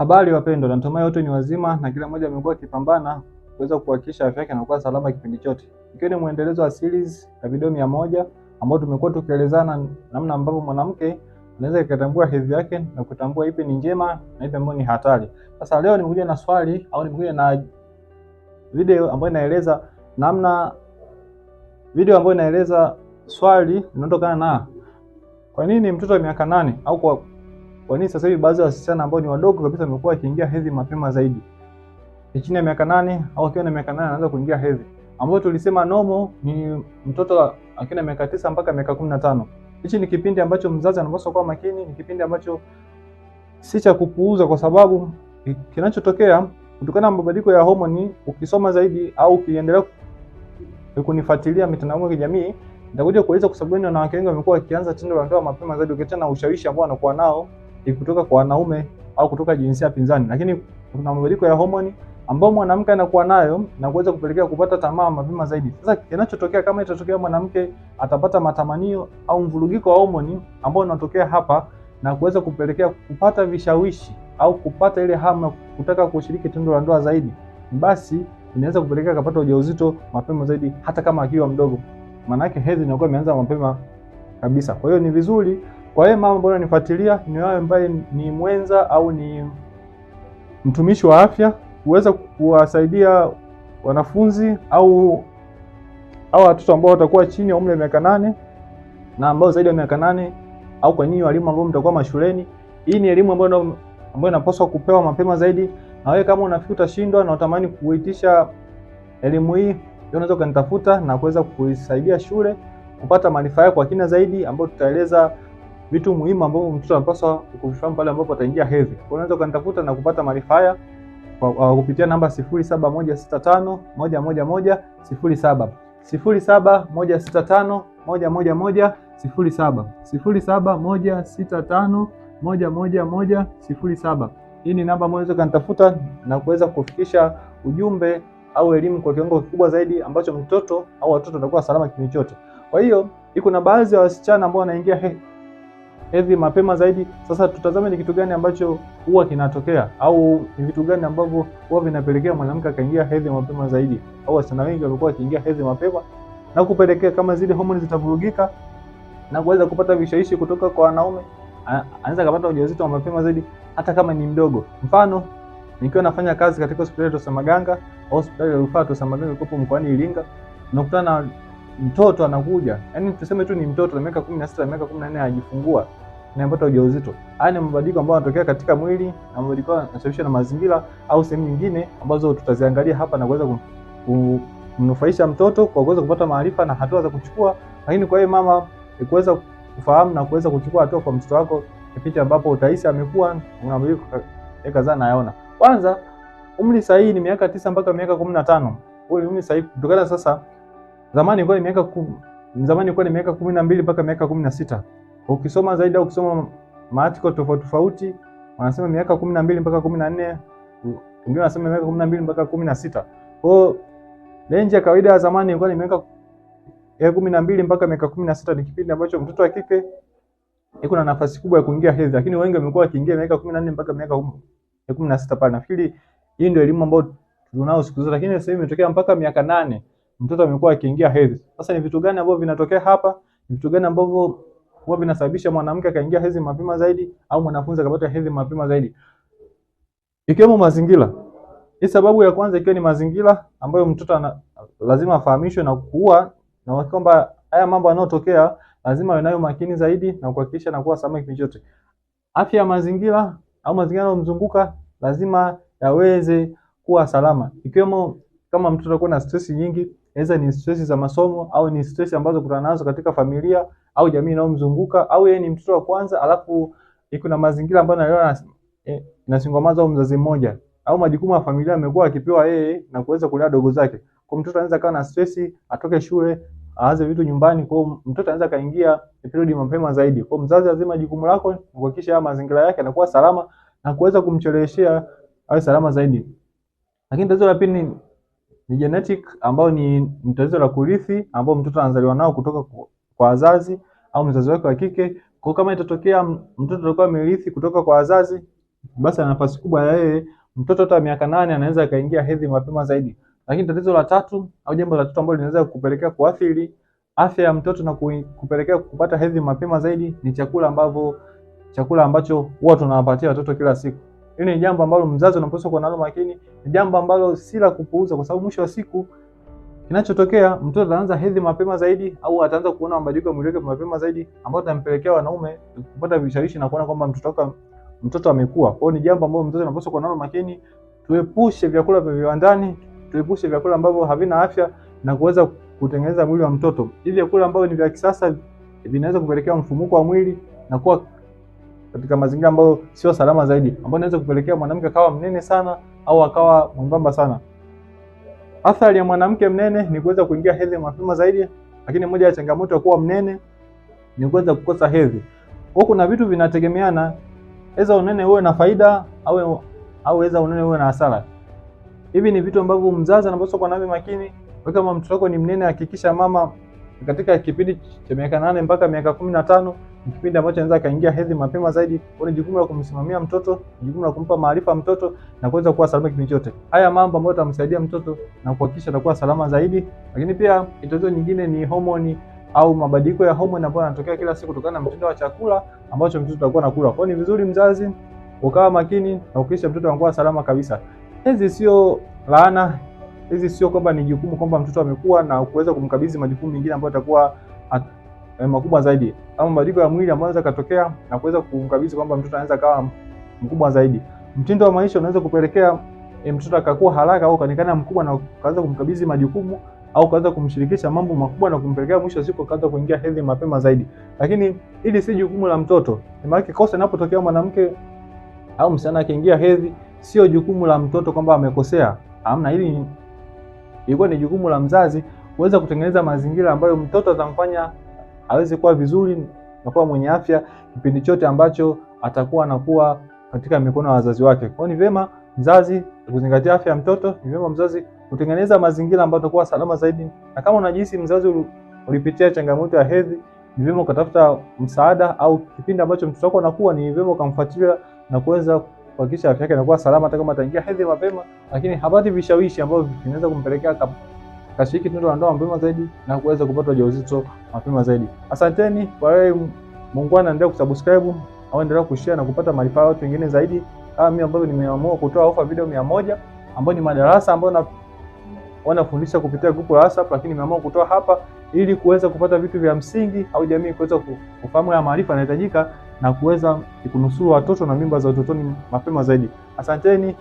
Habari wapendwa, natumai wote ni wazima na kila mmoja amekuwa akipambana kuweza kuhakikisha afya yake inakuwa salama kipindi chote, ikiwa ni mwendelezo wa series ya video mia moja ambao tumekuwa tukielezana namna ambavyo mwanamke anaweza kutambua hedhi yake na kutambua ipi ni njema na ipi ambayo ni hatari. Sasa leo nimekuja na swali au nimekuja na video ambayo inaeleza namna, video ambayo inaeleza swali linalotokana na kwa nini mtoto wa miaka nane au kwa kwa nini sasa hivi baadhi ya wasichana ambao ni wadogo kabisa wamekuwa wakiingia hedhi mapema zaidi? Ni chini ya miaka nane au akiwa na miaka nane anaanza kuingia hedhi. Ambapo tulisema nomo ni mtoto akiwa na miaka tisa mpaka miaka kumi na tano. Hichi ni kipindi ambacho mzazi anapaswa kuwa makini, ni kipindi ambacho si cha kupuuza kwa sababu kinachotokea kutokana na mabadiliko ya homoni, ukisoma zaidi au ukiendelea kunifuatilia mitandao ya kijamii nitakuja kueleza kwa sababu gani wanawake wengi wamekuwa wakianza tendo la ndoa mapema zaidi, ukiachana na ushawishi ambao wanakuwa nao ni kutoka kwa wanaume au kutoka jinsia pinzani, lakini kuna mabadiliko ya homoni ambayo mwanamke anakuwa nayo na kuweza kupelekea kupata tamaa mapema zaidi. Sasa kinachotokea kama itatokea mwanamke atapata matamanio au mvurugiko wa homoni ambao unatokea hapa na kuweza kupelekea kupata vishawishi au kupata ile hamu kutaka kushiriki tendo la ndoa zaidi, basi inaweza kupelekea kupata ujauzito mapema zaidi, hata kama akiwa mdogo, maana yake hedhi inakuwa imeanza mapema kabisa. Kwa hiyo ni vizuri kwa hiyo mama ambao nifuatilia, ni wewe ambaye ni mwenza au ni mtumishi wa afya, uweza kuwasaidia wanafunzi au au watoto ambao watakuwa chini ya umri wa miaka nane na ambao zaidi ya miaka nane, au kwa nyinyi walimu ambao mtakuwa mashuleni. Hii ni elimu ambayo ambayo inapaswa kupewa mapema zaidi, na wewe kama unafikiri utashindwa na utamani kuitisha elimu hii, unaweza ukanitafuta na kuweza kuisaidia shule kupata maarifa yako kwa kina zaidi, ambayo tutaeleza vitu muhimu ambavyo mtoto anapaswa kuvifahamu pale ambapo ataingia hedhi. Kwa hiyo unaweza ukanitafuta na kupata maarifa haya kwa uh, kupitia namba 0716511107 0716511107 0716511107. Hii ni namba ambayo unaweza ukanitafuta na kuweza kufikisha ujumbe au elimu kwa kiwango kikubwa zaidi ambacho mtoto au watoto watakuwa salama kipindi chote. Kwa hiyo iko na baadhi ya wasichana ambao wanaingia hedhi mapema zaidi. Sasa tutazame ni kitu gani ambacho huwa kinatokea au ni vitu gani ambavyo huwa vinapelekea mwanamke akaingia hedhi mapema zaidi, au wasichana wengi wamekuwa wakiingia hedhi mapema na kupelekea kama zile homoni zitavurugika na kuweza kupata vishawishi kutoka kwa wanaume, anaweza kupata ujauzito wa mapema zaidi hata kama ni mdogo. Mfano, nikiwa nafanya kazi katika hospitali ya Tosamaganga au hospitali ya rufaa Tosamaganga ikopo mkoani Iringa, nakutana na mtoto anakuja, yani tuseme tu ni mtoto na miaka 16 na miaka 14 anajifungua inayopata ujauzito. Haya ni mabadiliko ambayo yanatokea katika mwili na mabadiliko yanasababishwa na mazingira au sehemu nyingine ambazo tutaziangalia hapa na kuweza kumnufaisha mtoto kwa kuweza kupata maarifa na hatua za kuchukua, lakini kwa hiyo mama kuweza kufahamu na kuweza kuchukua hatua kwa mtoto wako kipindi ambapo utahisi amekuwa na mabadiliko eh, kadhaa nayaona. Kwanza, umri sahihi ni miaka tisa mpaka miaka kumi na tano. Ule umri sahihi kutokana sasa, zamani ilikuwa ni miaka kumi, zamani ilikuwa ni miaka kumi na mbili mpaka miaka kumi na sita. Ukisoma zaidi au ukisoma maarticle tofauti tofauti wanasema miaka kumi na mbili mpaka kumi na nne wengine wanasema miaka kumi na mbili mpaka kumi na sita Kwa hiyo range ya kawaida ya zamani ilikuwa ni miaka ya kumi na mbili mpaka miaka kumi na sita ni kipindi ambacho mtoto wa kike iko na nafasi kubwa ya kuingia hedhi, lakini wengi wamekuwa wakiingia miaka kumi na nne mpaka miaka kumi na sita pale. Nafikiri hii ndio elimu ambayo tunao siku zote, lakini sasa imetokea mpaka miaka nane mtoto amekuwa akiingia hedhi. Sasa ni vitu gani ambavyo vinatokea hapa? Ni vitu gani ambavyo huwa vinasababisha mwanamke akaingia hedhi mapema zaidi au mwanafunzi akapata hedhi mapema zaidi, ikiwemo mazingira. Hii sababu ya kwanza ikiwa ni mazingira ambayo mtoto ana, lazima afahamishwe na kuwa na kwamba haya mambo yanayotokea lazima awe nayo makini zaidi na kuhakikisha anakuwa salama kipindi chote. Afya ya mazingira au mazingira yanayomzunguka lazima yaweze kuwa salama, ikiwemo kama mtoto akuwa na stress nyingi Inaweza ni stress za masomo au ni stress ambazo kuna nazo katika familia au jamii inayomzunguka au yeye ni mtoto wa kwanza alafu kuna mazingira ambayo analiona e, eh, nasingwamaza au mzazi mmoja au majukumu ya familia amekuwa akipewa yeye na kuweza kulea dogo zake. Kwa mtoto anaweza kawa na stress, atoke shule, aanze vitu nyumbani, kwa mtoto anaweza kaingia period mapema zaidi. Kwa mzazi lazima jukumu lako ni kuhakikisha ya mazingira yake yanakuwa salama na kuweza kumcheleweshea awe salama zaidi. Lakini tatizo la pili ni ni genetic ambayo ni tatizo la kurithi ambao mtoto anazaliwa nao kutoka kwa wazazi au mzazi wake wa kike. Kwa kama itatokea mtoto atakuwa amerithi kutoka kwa wazazi, basi ana nafasi kubwa ya yeye mtoto hata miaka nane anaweza akaingia hedhi mapema zaidi. Lakini tatizo la tatu au jambo la tatu ambalo linaweza kupelekea kuathiri afya ya mtoto na kupelekea kupata hedhi mapema zaidi ni chakula ambavyo chakula ambacho huwa tunawapatia watoto kila siku. Hili ni jambo ambalo mzazi anapaswa kuwa nalo makini, ni jambo ambalo si la kupuuza, kwa sababu mwisho wa siku kinachotokea mtoto ataanza hedhi mapema zaidi, au ataanza kuona mabadiliko ya mwili wake mapema zaidi, ambayo atampelekea wanaume kupata vishawishi na kuona kwamba mtoto wake mtoto amekua. Kwa hiyo ni jambo ambalo mzazi anapaswa kuwa nalo makini. Tuepushe vyakula vya viwandani, tuepushe vyakula ambavyo havina afya na kuweza kutengeneza mwili wa mtoto. Hivi vyakula ambavyo ni vya kisasa vinaweza kupelekea mfumuko wa mwili na kuwa katika mazingira ambayo sio salama zaidi, ambayo inaweza kupelekea mwanamke akawa mnene sana au akawa mwembamba sana. Athari ya mwanamke mnene ni kuweza kuingia hedhi mapema zaidi, lakini moja ya changamoto ya kuwa mnene ni kuweza kukosa hedhi. Kwa kuna vitu vinategemeana, eza unene uwe na faida au au eza unene uwe na hasara. Hivi ni vitu ambavyo mzazi anapaswa kuwa navyo makini. Kwa kama mtoto wako ni mnene, hakikisha mama katika kipindi cha miaka nane mpaka miaka kumi na tano ni kipindi ambacho anaweza akaingia hedhi mapema zaidi. Kwa Ni jukumu la kumsimamia mtoto, jukumu la kumpa maarifa mtoto na kuweza kuwa salama kipindi chote. Haya mambo ambayo atamsaidia mtoto na kuhakikisha atakuwa salama zaidi. Lakini pia tatizo nyingine ni homoni au mabadiliko ya homoni ambayo yanatokea kila siku kutokana na mtindo wa chakula ambacho mtoto atakuwa anakula. Kwa ni vizuri mzazi ukawa makini na kuhakikisha mtoto anakuwa salama kabisa. Hizi sio laana, hizi sio kwamba ni jukumu kwamba mtoto amekuwa na kuweza kumkabidhi majukumu mengine ambayo atakuwa at Eh, makubwa zaidi, ama mabadiliko ya mwili ambayo yanaweza katokea na kuweza kumkabidhi kwamba mtoto anaweza kawa mkubwa zaidi. Mtindo wa maisha unaweza kupelekea e, mtoto akakuwa haraka au kanikana mkubwa na kaanza kumkabidhi majukumu au kaanza kumshirikisha mambo makubwa na kumpelekea mwisho siku kaanza kuingia hedhi mapema zaidi. Lakini ili si jukumu la mtoto. Maana kosa linapotokea mwanamke au msichana akiingia hedhi, sio jukumu la mtoto kwamba amekosea. Hamna, ili ilikuwa ni jukumu la mzazi kuweza kutengeneza mazingira ambayo mtoto atamfanya aweze kuwa vizuri na kuwa mwenye afya kipindi chote ambacho atakuwa anakuwa katika mikono ya wazazi wake. Kwa ni vyema mzazi kuzingatia afya ya mtoto, ni vyema mzazi kutengeneza mazingira ambayo atakuwa salama zaidi. Na kama unajihisi mzazi ulipitia changamoto ya hedhi, ni vyema ukatafuta msaada, au kipindi ambacho mtoto wako anakuwa, ni vyema ukamfuatilia na kuweza kuhakikisha afya yake inakuwa salama, hata kama ataingia hedhi mapema, lakini hapati vishawishi ambavyo vinaweza kumpelekea kashiriki tendo la ndoa mapema zaidi na kuweza kupata ujauzito mapema zaidi. Asanteni kwa wewe muungwana, endelea kusubscribe au endelea kushare na kupata maarifa yote mengine zaidi, kama ah, mimi ambavyo nimeamua kutoa ofa video mia moja ambayo ni madarasa ambayo na wanafundisha kupitia grupu la WhatsApp, lakini nimeamua kutoa hapa ili kuweza kupata vitu vya msingi au jamii kuweza kufahamu ya maarifa yanahitajika na kuweza kunusuru watoto na mimba za utotoni mapema zaidi. Asanteni,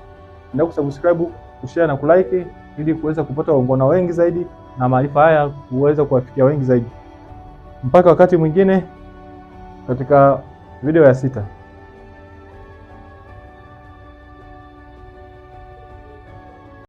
endelea kusubscribe, kushare na kulike ili kuweza kupata waungwana wengi zaidi na maarifa haya kuweza kuwafikia wengi zaidi. Mpaka wakati mwingine katika video ya sita.